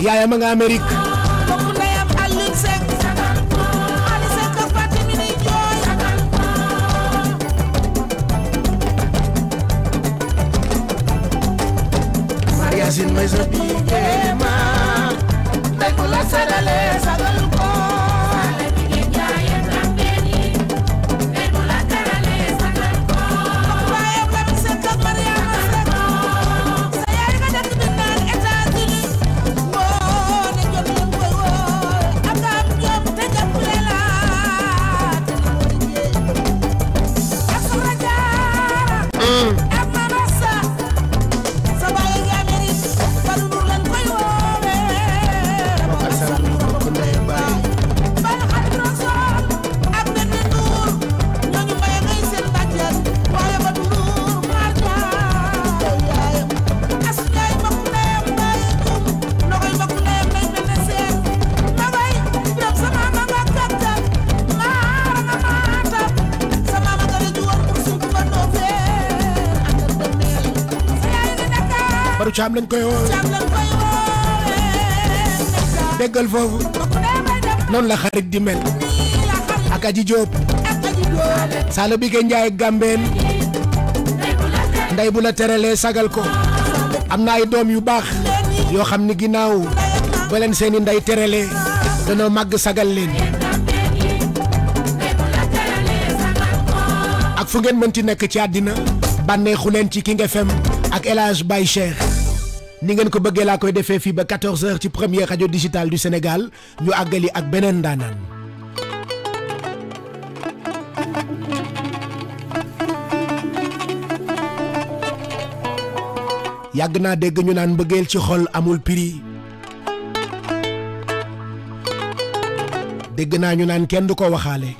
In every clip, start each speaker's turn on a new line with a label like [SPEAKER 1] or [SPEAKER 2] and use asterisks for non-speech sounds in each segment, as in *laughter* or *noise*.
[SPEAKER 1] yaayam a nga Amérique Magazine mais a big
[SPEAKER 2] game, they could
[SPEAKER 1] caam lañ koy woo déggal foofu noonu la xarit di mel ak aji jóob saala bi ke njaay gàmbeen ndey bu la teralee sagal ko am na ay doom yu baax yoo xam ni ginnaaw ba seeni nday teralee danoo màgg sagal leen ak fu ngeen mënti nekk ci àddina bànneexu leen ci King FM ak El Hadj Baye ni ngeen ko bëggee laa koy defee fii ba 14h ci première rajo digitale du Sénégal ñu àggali ak beneen ndaanaan. yàgg naa dégg ñu naan mbëggeel ci xol amul prix dégg naa ñu naan kenn du ko waxaale.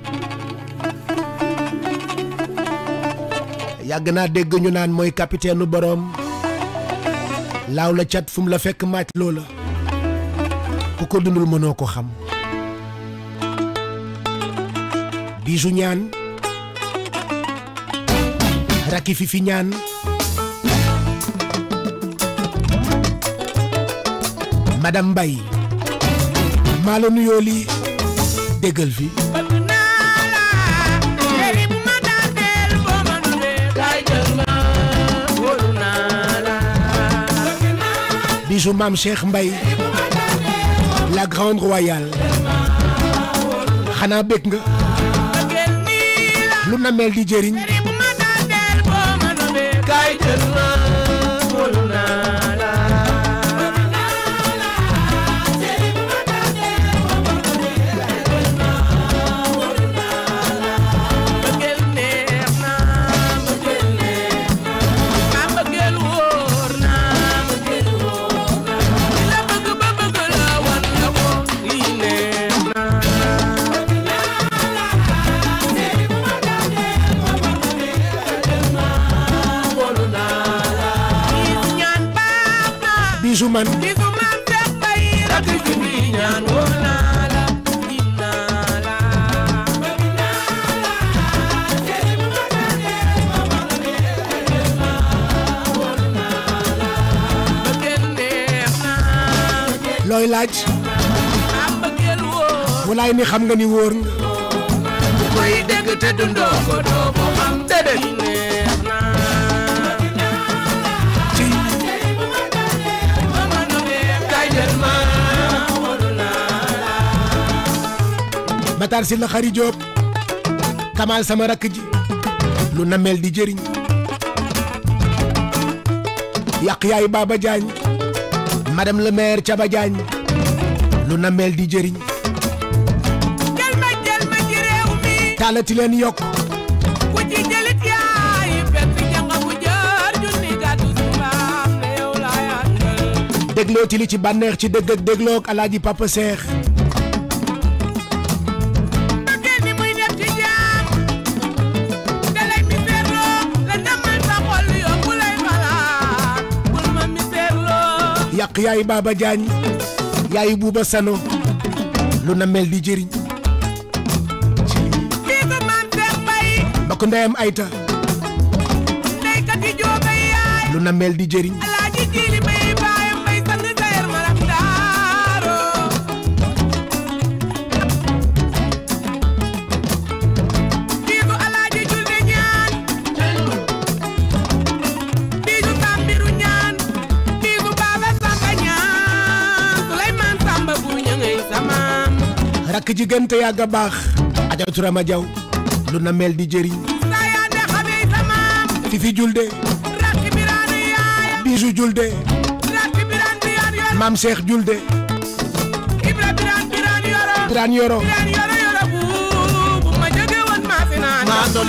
[SPEAKER 1] yàgg naa dégg ñu naan mooy capitaine boroom. laaw la cat fu la fekk maaj loola ku ko dundul mënoo ko xam biisu ñaan rakki fi fi ñaan madame Mbaye maa la nuyoo déggal fi bisu maam Cheikh Mbaye la grande royale xanaa bëgg nga lu na mel di jëriñ laaj walaay ni xam nga ni wóor nga
[SPEAKER 2] koy dégg te dundoo ko doo ko xam déedéet
[SPEAKER 1] Matar si la xari Jóob Kamal sama rakk ji lu namel di jëriñ yàq yaay Baba Diagne madame le maire Thiaba Diagne lu nameel di jëriñ jalma jalma ci réew mi taalati yokk ku ci jëlit yaay
[SPEAKER 2] janga bu jër junni gàddu sumaam réew laa
[SPEAKER 1] yàndal li ci bànneex ci dëgg ak dégloog alaaji papa seex yàq yaay baaba jaañ yaayu buuba sano lu na mel di jëriñ mbokk ndeyam ayta lu na mel di jëriñ diggante yàgg a baax ajatu rama jaw lu na mel di jëriñ saayaande xamee samaam fifi julde rakki biraanu yaayam biisu julde rakki biraan biraan yoro maam seex julde ibra biraan biraan yoro biraan yoro biraan yoro yoro bu bu ma jege woon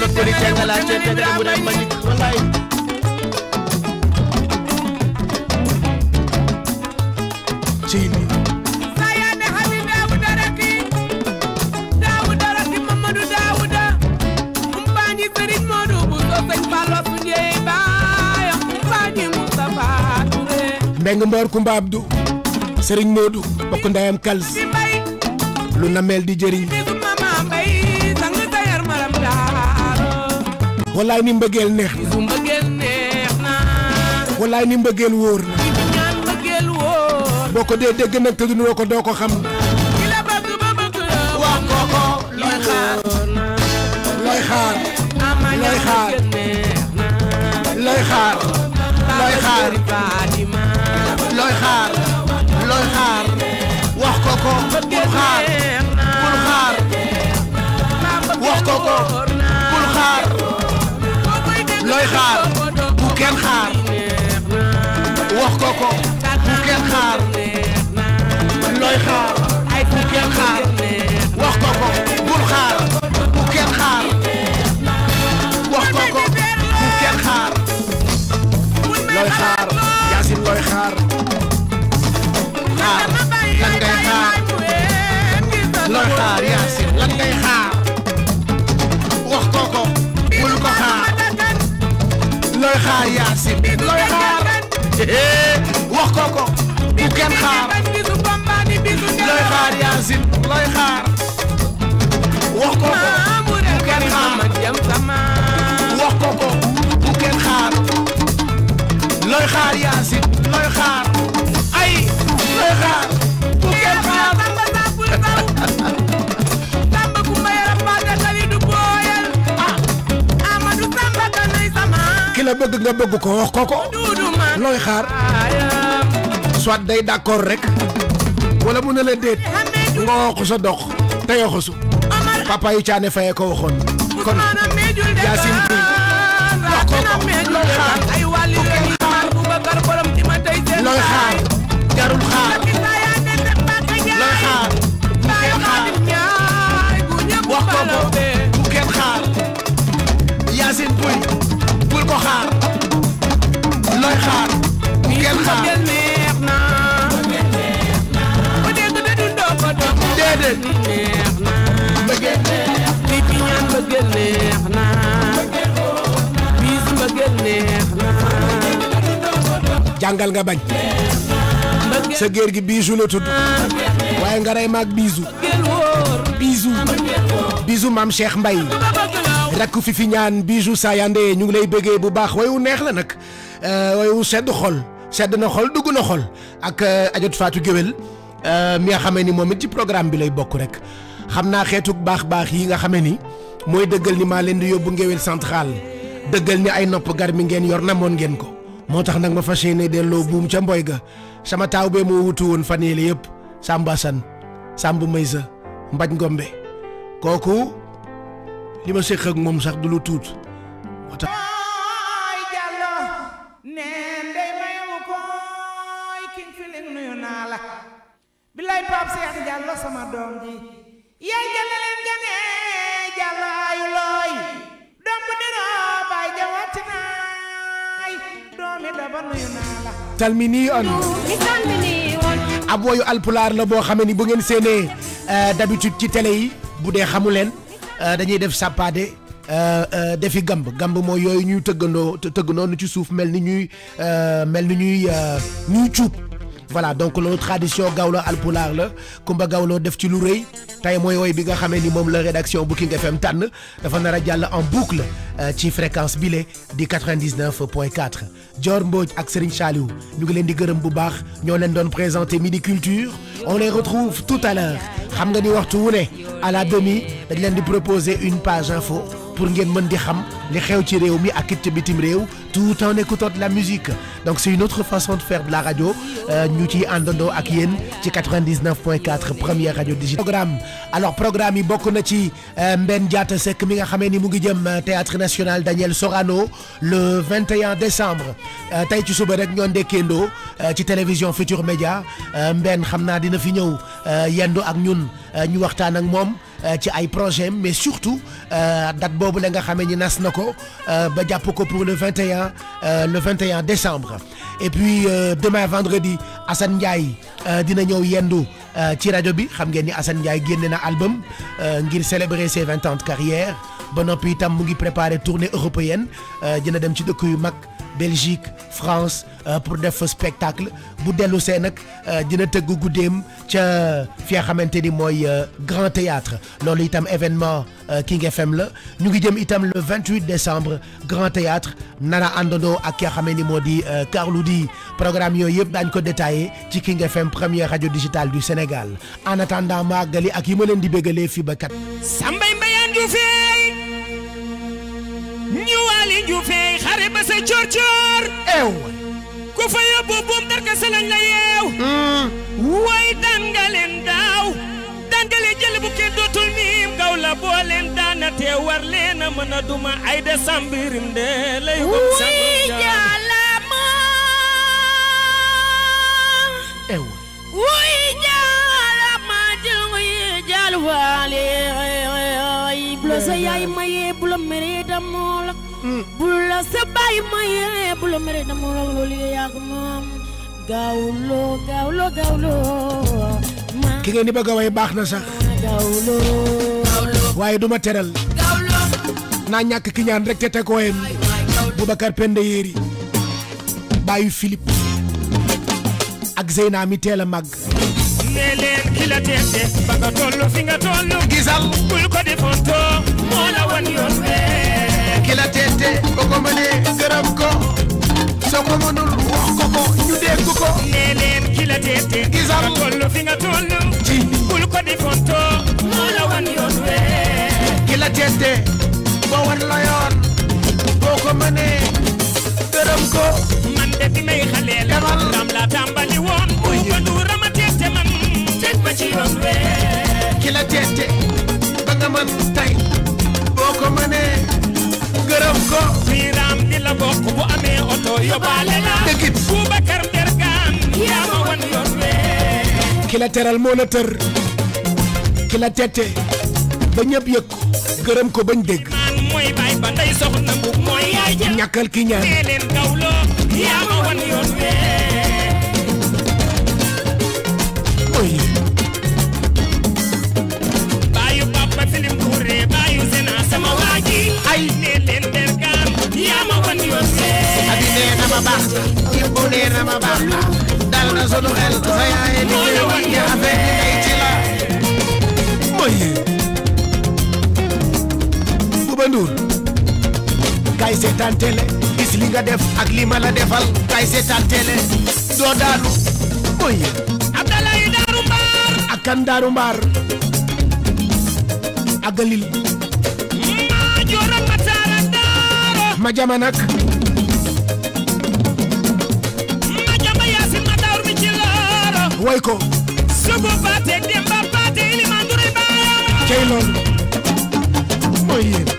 [SPEAKER 1] la përi cengalaat cee tegale bu dem ma mbeng mboor kumba abdu sëriñ moodu bokk ndayam kals lu nameel di jëriñ wallaay ni mbëggeel neex na wallaay ni mbëggeel wóor na ko dee dégg nag du noo doo ko xam wax ko ko looy
[SPEAKER 2] xaar looy xaar looy xaar looy xaar xaari Fatima looy xaar looy xaar wax ko ko bul xaar bul xaar wax ko ko bul xaar looy xaar bu kenn xaar wax ko ko bu kenn xaar looy xaar ay bu kenn xaar looy xaar Yacine looy xaar eh, wax ko ko bu kenn xaar looy xaar Yacine looy xaar wax ko ko bu kenn xaar wax ko ko bu kenn xaar looy xaar Yacine looy xaar ay looy xaar bu kenn xaar *laughs*
[SPEAKER 1] la bëgg nga bëgg ko ko ko looy xaar soit day d'accord rek wala mu ne la déet nga waxu sa dox te yoxusu papa caane faye ko waxoon
[SPEAKER 2] kon yaasin kuy wax ko ko looy xaar looy xaar jarul xaar
[SPEAKER 1] mel nga bañ sa géer gi biisu la tudd waaye nga rey maag biisu biisu biisu maam Cheikh Mbay rakk fi fi ñaan biisu saa yande ñu ngi lay bëggee bu baax wayu neex la nag euh, wayu sedd xol sedd na xol dugg na xol ak euh, ajot Fatou Géwél euh, mi nga xamee ni moom it ci programme bi lay bokk rek xam naa xeetu baax baax yi nga xamee ni mooy dëggal ni maa leen di yóbbu ngéwél central dëggal ni ay nopp gar mi ngeen yor namoon ngeen ko moo tax nag ma fas yéene delloo buum ca mboy ga sama taaw bee moo wutu woon fan yële yëpp Samba San Samb Maysa Mbaj Ngombe kooku lima ma séq ak moom sax du lu talmini on ab woyu alpulaar la boo xamee ni bu ngeen seenee euh, d'habitude ci télé yi bu dee xamu leen euh, dañuy def sàppaade euh, defi gamb gamb mooy yooyu ñuy tëggandoo tëggandoo nu ci suuf mel ni ñuy mel ni ñuy ñuy cuub voilà donc notre tradition gaoula alpoular la Kumba gaoula def ci lu reuy tay moy bi nga ni la rédaction Booking FM tan dafa nara jall en boucle euh, ci fréquence lé di 99.4 Dior Mbodj ak Serigne chaliou ñu ngi leen di gërëm bu baax doon présenté Midi Culture on les retrouve tout à l'heure xam nga ni waxtu à la demi dañ leen di proposer une page info pour ngeen mën di xam les xew ci réew mi ak tout en écoutant de la musique donc c'est une autre façon de faire de la radio euh, ñu ciy àndandoo ak ci 99.4 première radio digitale programme alors programme yi beaucoup na ci euh, Mbène Diatta Seck mi nga ni euh, théâtre national Daniel Sorano le 21 décembre Taïtu ci suba rek C'est télévision Futur Média Ben Hamna naa dina fi ñëw yendu ak ñun ñu waxtaan projet mais surtout date boobu la nga xamee ni nas na euh, pour le 21 euh, le 21 décembre et puis euh, demain vendredi Hassan Ndiaye dina ñëw yendu ci rajo bi xam ngeen ni à Ndiaye album ngir célébrer ses 20 ans de carrière Bon appétit. itam mu préparer tournée européenne dina dem Belgique France euh, pour des spectacle bu dellu see nag euh, dina de guddeem fi euh, Grand Théâtre loolu itam événement King FM le. ñu ngi jëm le 28 décembre Grand Théâtre nana andono ak ki Modi, Carloudi, programme yooyu yëpp ko détaillé ci King FM première radio digitale du Sénégal en attendant magali ak di bégalee fii ba kat.
[SPEAKER 2] ñu waali ju feey xare ba sa coor coor ew ku fa yóbbu buum darka sa yeew hmm. way daan nga leen daaw daan dootul miim gaw la boo daana te war leen mën a duma ay sambirim de lay wam sambirim jaalama ew wuy jaalama jël wuy jaal sa yaay mayee bu la meree damoo hmm. la bu sa baay mayee bu meree damoo la loolu yaa ko moom gaawloo gaawloo
[SPEAKER 1] gaawloo ki ngeen di bëgg a baax na sax waaye duma teral naa ñàkk ki ñaan rek te te ko yem Penda Yéeri baayu Philippe ak Zeyna mi teel a
[SPEAKER 2] ne leen ki la teete ba nga tollu fi nga tollu gisal bul ko defantoo moo la wan yoon wee ki la ba nga tollu fi nga tollu ci bul ko moo la wan yoon wee ki la teete wan la yoon boo man de fi may xale la tam woon muy ko ci ki la teete ba nga mën boo ko mënee gërëm ko miiraam di la bokk bu amee oto yóbbaale la dëggit Boubacar Ndergan yaa ma wan yoon wee
[SPEAKER 1] ki teral moo la tër ki teete ba ñëpp yëg ko gërëm ko bañ dégg maan mooy baay ba ndey soxna bu mooy yaay ja ñàkkal ki ñaan nee leen
[SPEAKER 2] yaa ma wan yoon wee nee na ma baax yëpp nee na ma
[SPEAKER 1] def ak li ma la defal kay seetaan télé doo daanu mooy Abdalaye Daaru Mbaar ak kan Daaru Mbaar ak Galil ma jooram ma saara daara ma jama way ko
[SPEAKER 2] subu paate demba paate iliman duri baaya cey loolu mooy yéen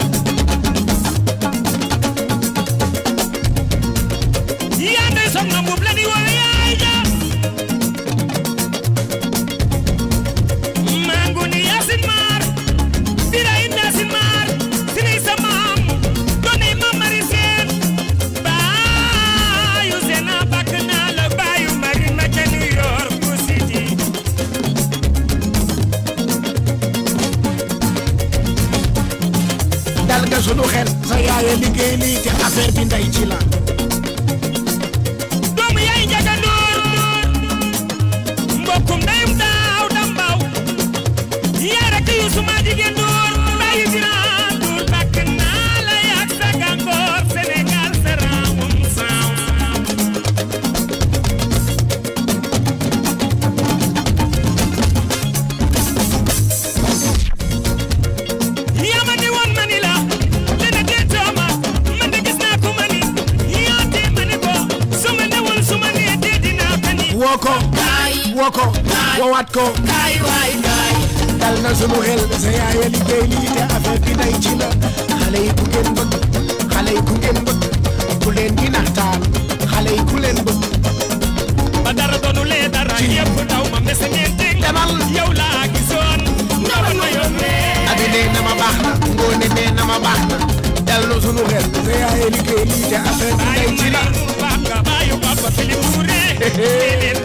[SPEAKER 2] woo ko
[SPEAKER 1] woowaat ko dal na sunu xel sa yaay a liggéey lii nay ci la xale ku ngeen bëgg xale ku ngeen bëgg ku leen di
[SPEAKER 2] naxtaan xale yi ku leen bëgg ba dara doonu lee dara yëpp daw ma mese ngeen dégg demal yow laa gisoon ñoom ma yoon lee abi nee na ma baax na ngoone nee ma baax na dal na sunu xel sa yaay a liggéey lii nay ci la baax nga baayu papa fili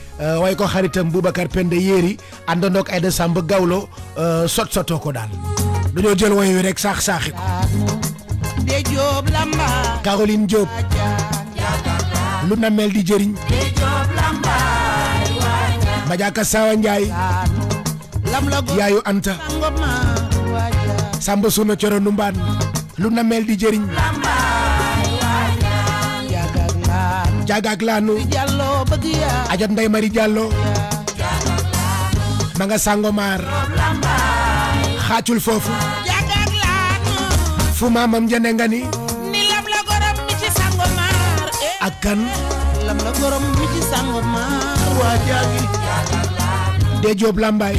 [SPEAKER 1] Eh, way ko xaritam Boubacar Pende Yéeri àndandoog Aïda Samb Gawlo eh, sot sotoo ko daal dañoo jël woy wi rek saax saaxi ko Caroline Diop lu na di jëriñ Madiaka Sawa Ndiaye yaayu Anta Samba Suna Coro Numbaan lu na di jëriñ jagaak laanu ajot Ndeye Marie Diallo ma nga Sangomar xaacul foofu fu maamam jëndee nga ni
[SPEAKER 2] eh. ak kan
[SPEAKER 1] dee Jóob Lambaay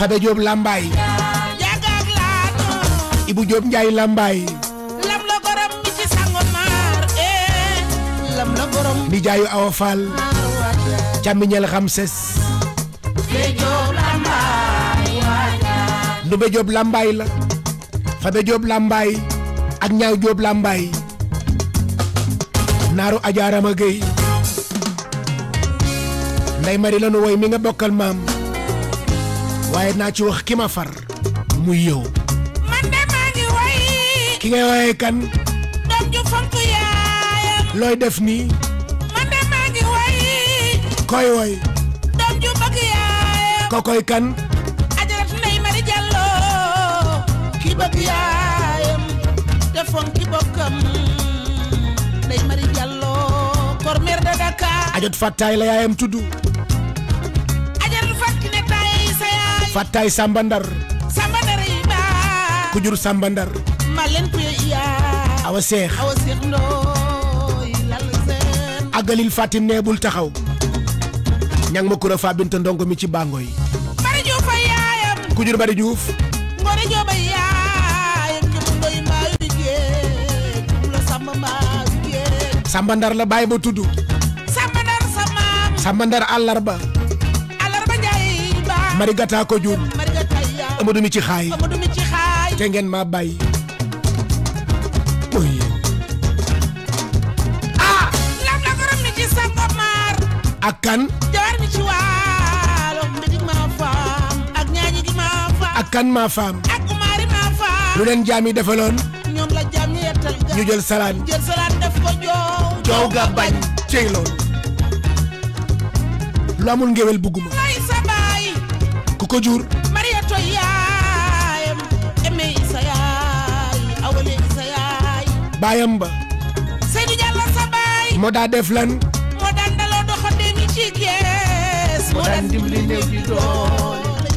[SPEAKER 1] Fabe Jóob Lambaay Ibu Jóob Njaay Lambaay nijaayu Awa Fall càmmiñal Ramses. Nube job lambay la Fabe job lambay ak Ñaaw job lambay naru ajaarama Géy nday mari lanu woy mi nga bokkal maam waaye naa ci wax far muy yow man ki kan doom def koy woy
[SPEAKER 2] doom ju bëgg yaayam
[SPEAKER 1] ko koy kan
[SPEAKER 2] ajarat Ndeye Marie Diallo ki bëgg yaayam te fonki bokkam Ndeye Marie Diallo kor maire de Dakar
[SPEAKER 1] ajot fattaay la yaayam tuddu
[SPEAKER 2] ajarat fattine tay sa yaay
[SPEAKER 1] fattaay sambandar. Ndar
[SPEAKER 2] Samba Ndar yi ba
[SPEAKER 1] ku jur Samba Ndar
[SPEAKER 2] ma leen ku yaa iya. awa seex awa seex ndooy
[SPEAKER 1] agalil Fatim ne taxaw ñang ma kura fa bint ndongo mi ci bango yi
[SPEAKER 2] bari ju fa yaayam
[SPEAKER 1] ku jur bari juuf
[SPEAKER 2] ngone ba yaayam ñu ngoy ma yuje la sama ma yuje
[SPEAKER 1] samba ndar la bay ba tuddu
[SPEAKER 2] samba ndar sama
[SPEAKER 1] samba ndar alar ba
[SPEAKER 2] jaay ba
[SPEAKER 1] mari gata ko jur
[SPEAKER 2] mari gata ya amadu mi ci xay amadu mi ci xay
[SPEAKER 1] te ngeen ma bay oy ah! ak kan maa faam. ak maari maa la ko ko jur.
[SPEAKER 2] mariyato yaayam. eme isa yaay. awale isa yaay. baayam ba. Seydou Diallo sa baay.
[SPEAKER 1] moo daa def lan.
[SPEAKER 2] moo daan daloo doxandéem yi ci gees. moo daan dimbali néew di doon.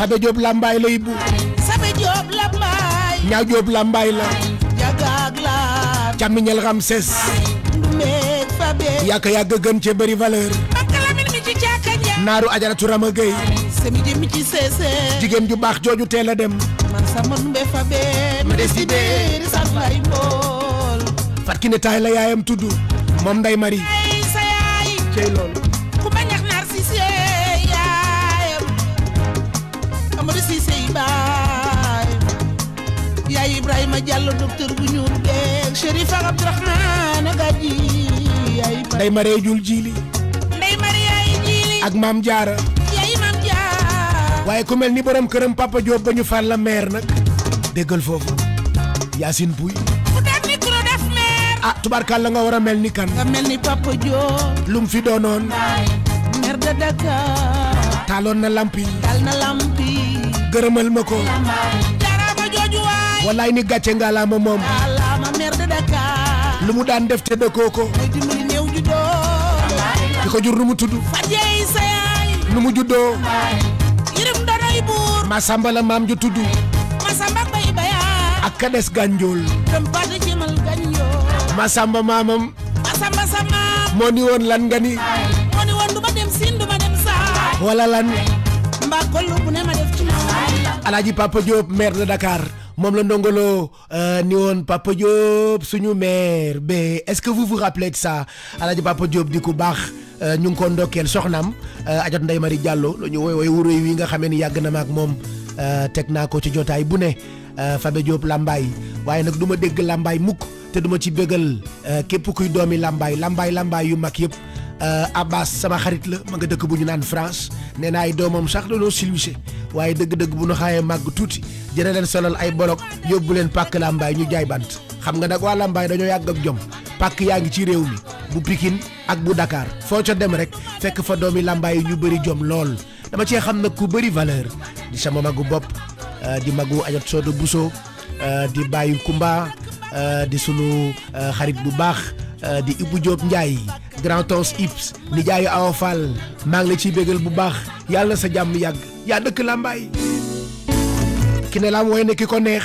[SPEAKER 1] Sabe Diop Lambaye la ibu
[SPEAKER 2] Sabe Diop Lambaye Ñaaw
[SPEAKER 1] Diop Lambaye la jagaag la càmmiñal Ramses ndumeeg Fabe yàgg yàgg gën ci bëri valeur
[SPEAKER 2] bakalamin mi ci jàkka ja naaru ajaratu Rama Gueye semi jëm ci seese jigéen
[SPEAKER 1] ju baax jooju teel dem
[SPEAKER 2] man sama numbe Fabe ma des ci biir sàmbaay mbool
[SPEAKER 1] Fatkine Taay la yaayam tudd mom Ndey Mari
[SPEAKER 2] say yaay cey loolu Amari Cissé yi baay yaay
[SPEAKER 1] ak Abdourahmane Gadji Mare jul jiili ak Maam Jaara waaye ku mel ni borom këram Papa Diop ba ñu fal la maire déggal foofu Yacine Pouy ah tubaarkàlla nga war a mel ni kan. nga mel ni Papa taaloon na lampi. taal na lampi. geureumal moko, ko ni gatché nga mom lu mu daan def te de koko diko jur nu mu tuddu nu mu juddoo ma samba la mam ju tuddu ak ka des ma samba mamam ma lan nga ni wala lan alaaji Papa Diop maire de dakaar moom la ndongolo euh, ni woon Papa Diop suñu maire ba est-ce que vous vous rappelez de ça alaaji Papa Diop di ku baax euh, ñu ngi ko ndokkeel soxnaam euh, ajot Ndeye Marie jàlloo lu ñu woy woy wuré wi nga xamee ni yàgg na ma ak moom teg naa ko ci jotaay bu ne Fabe Diop Lambaay waaye nag du ma dégg Lambaay mukk te duma ci bëggal képp kuy doomi Lambaay Lambaay Lambaay yu mag yëpp Eh, Abbas sama xarit la ma nga dëkk bu ñu naan France nee naa ay doomam sax dañoo silwise waaye dëgg-dëgg bu nu xaayee màgg tuuti dina leen solal ay bolok yóbbu leen pàkk làmbaay ñu jaay bant xam nga nag waa làmbaay dañoo yàgg ak jom pàkk yaa ngi ci réew mi bu Pikine ak bu Dakar foo ca dem rek fekk fa doomi làmbaay ñu bëri jom lool dama cee xam nag ku bëri valeur di sama magu bopp eh, di magu ajot soodo buso eh, di bàyyi kumba di sunu xarit bu baax di ibu job nyai grand tons ips nijaayu awa fall mang la ci bégal bu baax yalla sa jamm yag ya dëkk lambay ki ne laam way ne ki ko neex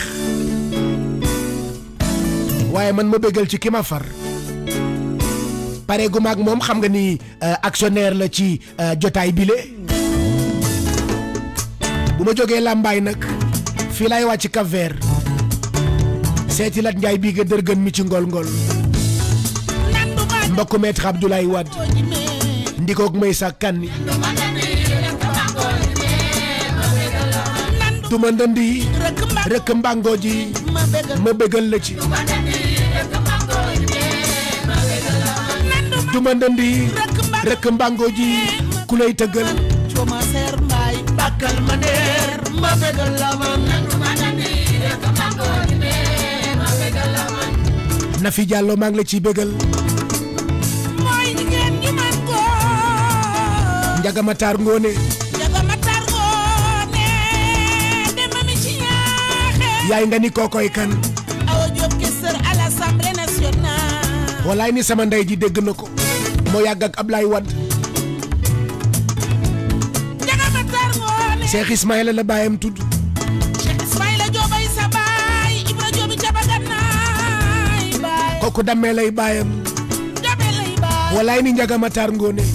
[SPEAKER 1] waaye man ma bégal ci kima far pare gu mag mom xam nga ni eh, actionnaire la ci eh, jotaay bile bu ma jógee lambay nak fi lay wacc ka Vert seeti lat njaay bii nga dërgën mi ci ngol ngol mbokk maître Abdoulaye Wade ndikook Maysa Kani duma ndënd yi rëkk mbàngoo ji ma bëggal la ci duma ndënd yi rëkk mbàngoo Njaga Matar Ngone
[SPEAKER 2] Njaga Matar Ngone demami ci
[SPEAKER 1] ñaaxe yaay nga ni kokoy kan
[SPEAKER 2] aw jop ke sœur à l'Assemblée nationale
[SPEAKER 1] walaay ni sama ndey ji dégg nako mo moo ya ak ablay wad
[SPEAKER 2] Njaga Matar Ngone Cheikh
[SPEAKER 1] Ismaïla la bayam tudd
[SPEAKER 2] Cheikh Ismaïla Jobay sa bay Ibra Jobi Jabaganaay baay
[SPEAKER 1] kooku dammee lay baayam
[SPEAKER 2] dammee
[SPEAKER 1] ni Njaga Matar Ngone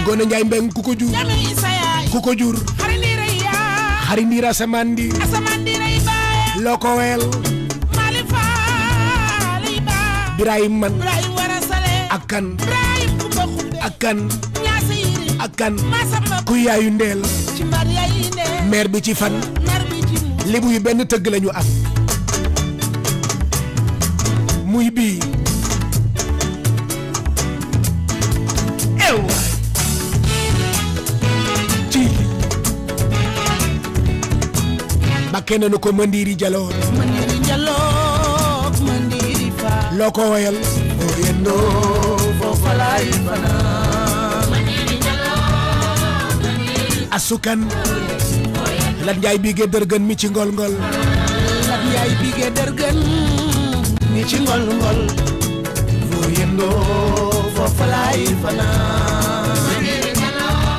[SPEAKER 1] Ngoné Ndiaye Mbeng ku ko jur ku ko jur xari asamaan di loo ko man ak kan ak ku yaayu ndeel meer bi ci fan libu yu benn tëgg lañu am muy bii keneen ko mandiri jaloor mandiri jaloor mandiri fa loko wayal o yendo fo foofa fana mandiri jaloor mandiri asukan lat bige dergen mi ci ngol ngol jay bi ge dergen mi ci ngol ngol oo yendoo foofa laay fanaan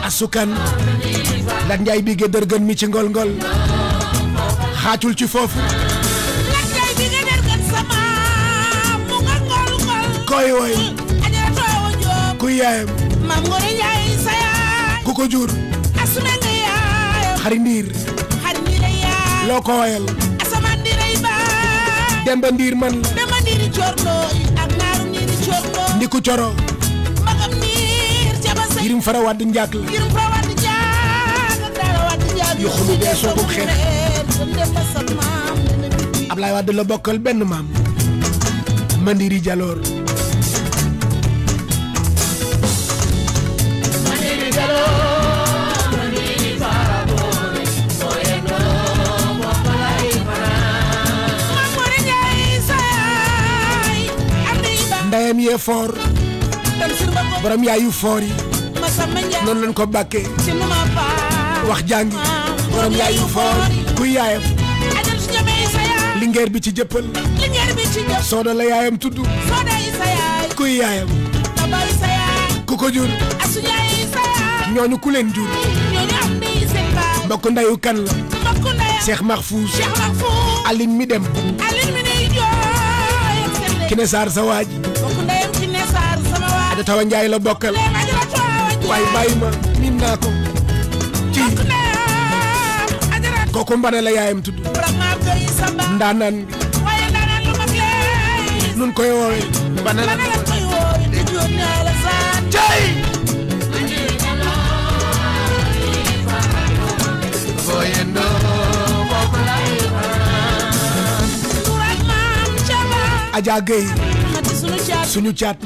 [SPEAKER 1] asukan jay bi bige dergen mi ci ngol ngol xaacul ci foofu koy woy ku yaayam ku ko jur xari ndiir loo ko woyal demba ndiir man ndiku coro yirim fara wadd njaag la
[SPEAKER 2] yuxulu bee soogum xeex
[SPEAKER 1] Ablaye wadde lo bokkal benn maam Mandiri Jaloor ndayam yee foor borom foor yi noonu lañ ko bàkkee wax jàngi borom foor yi kuy yaayam lingeer bi ci jëppal lingeer bi ci jëppal sooda la yaayam tudd sooda isa yaay kuy yaayam isa yaay ku ko jur asu yaay isa yaay ñooñu ku leen jur ñooñu am ni kan la mbokk ndayu Cheikh Mahfouz mi dem Aline
[SPEAKER 2] mi day jooy Kine Sarr sa waaj mbokk ndayam Kine Sarr sama
[SPEAKER 1] waaj Ada Tawa Njaay la bokkal waaye bàyyi ma miin naa ko kooku mbane la yaayam tudd ndaanaan bi nun koy woowee mbane la cay Adja Gueye suñu caat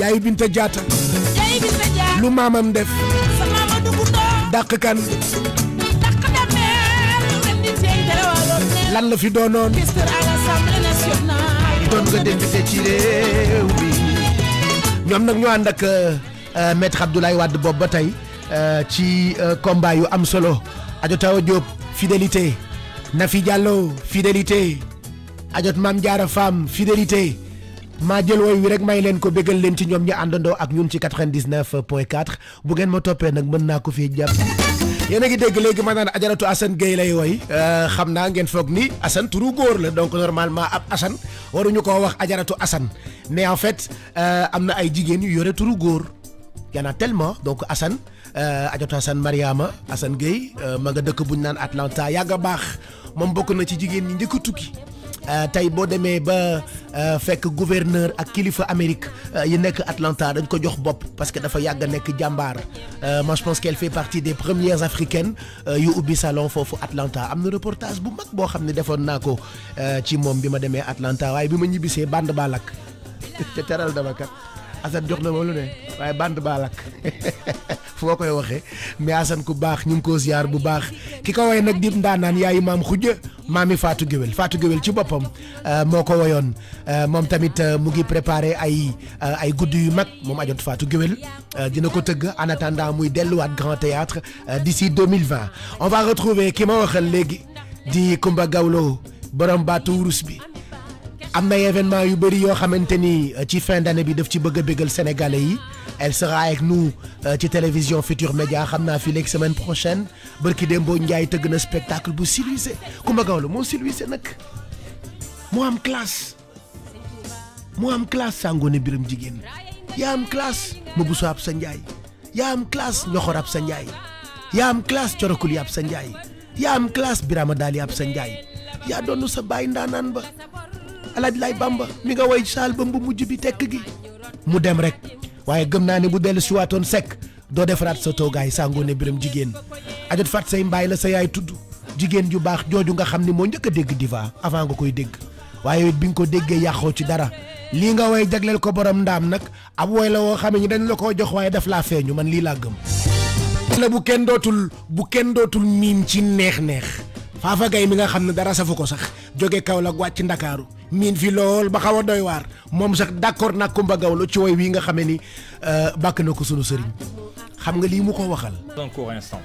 [SPEAKER 1] yaay Binta Jaata lu maamam def dàq kan lan la fi doonoon
[SPEAKER 2] doon nga député ci réew
[SPEAKER 1] ñoom nag ñu ànd ak euh, euh, maître Abdoulaye Wade boobu ba tey euh, ci combat yu am solo ajot Awa Diop fidélité Nafi Diallo fidélité ajot Mame Diarra Fam fidélité maa jël wooy wi rek may leen ko béggal leen ci ñoom ñu àndandoo ak ñun ci 99 point 4 bu ngeen ma toppee nag mën naa ko fii jàpp yéen a ngi dégg léegi ma naan ajaratu Assane géey lay woy euh, xam naa ngeen foog ni Assane turu góor la donc normalement ab Assane ñu ko wax ajaratu Assane mais en fait euh, am na ay jigéen yu yore turu góor y en a tellement donc Assane euh, ajaratu Assane Mariama Assane Gueye ma nga dëkk buñ naan Atlanta yàgg a baax moom bokk na ci jigéen ñi njëkk tukki. Euh, tey boo demee ba euh, fekk gouverneur ak kilifa Amérique euh, yi nekk Atlanta dañ ko jox bopp parce que dafa yàgg a nekk jàmbaar moi je pense qu'elle fait partie des premières africaines yu ubbi salon foofu Atlanta am na reportage bu mag boo xam ne defoon naa ko ci moom bi ma demee Atlanta waaye bi ma ñibbisee band baa lakk *laughs* teral dama kat Assane jox na ma lu ne waaye bande balak lakk *laughs* foo koy waxee mais Assane ku baax ñu ngi ko ziar bu baax ki ko woy nag dib ndaanaan yaayu maam xujja maami Fatou Guewel Fatou Guewel ci boppam euh, moo ko woyoon euh, moom tamit euh, mu ngi préparé ay ay guddi yu mag moom ajoot Fatou Guewel dina ko tëgg en attendant muy delluwaat Grand Théâtre d'ici 2020 on va retrouver ki ma waxal léegi di Kumba Gawlo borom baatu wurus bi am na événement yu bëri yoo xamante ni euh, ci fin d'année bi daf ci bëgg a bégal sénégalais yi elle sera avec nous euh, ci télévision Futur Média xam naa fii léegi semaine prochaine barki Dembo Ndiaye tëgg na spectacle bu silwisé Coumba Gawlo moo silwisé nag moo am classe moo am classe Sangoné Birame Jigéen yaa am classe Mabousso Absa Ndiaye yaa am classe Ñoxor Absa Ndiaye yaa am classe Corokuli Absa Ndiaye yaa am classe Birama Daly Absa Ndiaye yaa sa baay ndaanaan ba. alaaj lay bamba mi nga way saal ba bu mujj bi tekk gi mu dem rek waaye gëm naa ne bu dellu siwaatoon sekk doo defaraat sa toogaay sàngoo ne birim jigéen ajot fat say mbaay la sa yaay tudd jigéen ju baax jooju nga xam ne moo njëkk diva avant nga koy dégg waaye it bi nga ko déggee yàqoo ci dara lii nga way jagleel ko borom ndaam nag ab woy la woo xamee dañ la koo jox waaye daf laa feeñu man lii laa gëm la bu kenn dootul bu kenn dootul miim ci neex-neex faafa gay mi nga xam ne dara safu ko sax joge jóge Kaolack wàcc Ndakaaru miin fi lool ba xaw a doy waar moom sax d'accord nag Kumba Gawlo ci woy wii nga xamee ni euh, bàkk na ko sunu sëriñ xam nga lii mu ko waxal.
[SPEAKER 3] un court instant.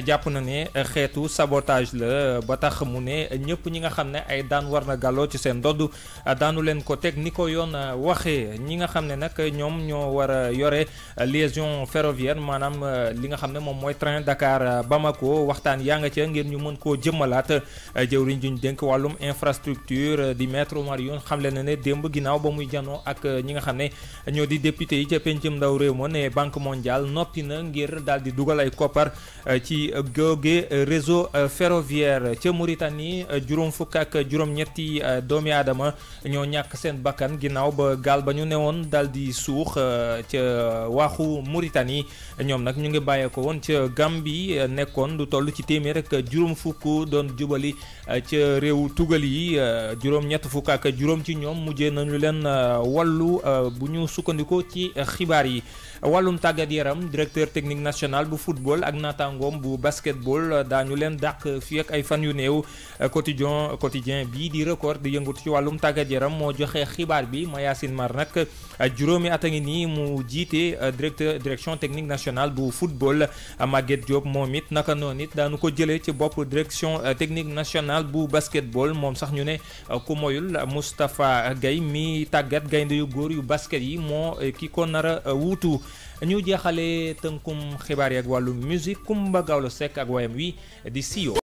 [SPEAKER 3] jàpp na ne xeetu sabotage la ba tax mu ne ñëpp ñi nga xam ne ay daan war na gàlloo ci seen ndodd daanu leen ko teg ni ko yoon waxe ñi nga xam ne nag ñoom ñoo war a yore liaison ferroviaire maanaam li nga xam ne moom mooy train Dakar Bamako waxtaan yaa nga ca ngir ñu mën koo jëmmalaat jëwriñ juñ dénk wàllum infrastructure di maître Oumar xam xamle na ne démb ginnaaw ba muy janoo ak ñi nga xam ne ñoo di député yi ca pencum ndaw réew ma ne banque mondiale noppi na ngir daal di dugal ay koppar ci ci googe euh, réseau euh, ferroviaire ca Mauritanie euh, juróom fukk ak juróom-ñetti doomi aadama ñoo ñàkk seen bakkan ginnaaw ba gaal ba ñu newoon daal di suux ca waaxu Mauritanie ñoom nag ñu ngi bàyyeekoo woon ca Gambie nekkoon du toll ci téeméer ak juróom fukk doon jubali ca réew tugal yi juróom-ñett fukk ak juróom ci ñoom mujjee nañu leen wallu bu ñu sukkandiku ci xibaar yi. wàllum tàggat yaram directeur technique national bu football ak naataangoom bu basketball euh, daañu leen dàq fii ak ay fan yu néew euh, quotidien quotidien bii di record di yëngatu ci wàllum tàggat yaram moo joxe xibaar bi Mayacine Mar nag euh, juróomi at a ngi nii mu jiite directeur direction technique nationale bu football Maguette Diop moom it naka noon it daanu ko jëlee ci bopp direction technique nationale bu basketball moom sax ñu ne ku moyul Moustapha Gaye mi tàggat gaynde yu góor yu basket yi moo ki ko nar wuutu ñu jeexalee tënkum xibaar yi ak wàllu musique Kumba Gawlo Seck ak wayam wi di siyo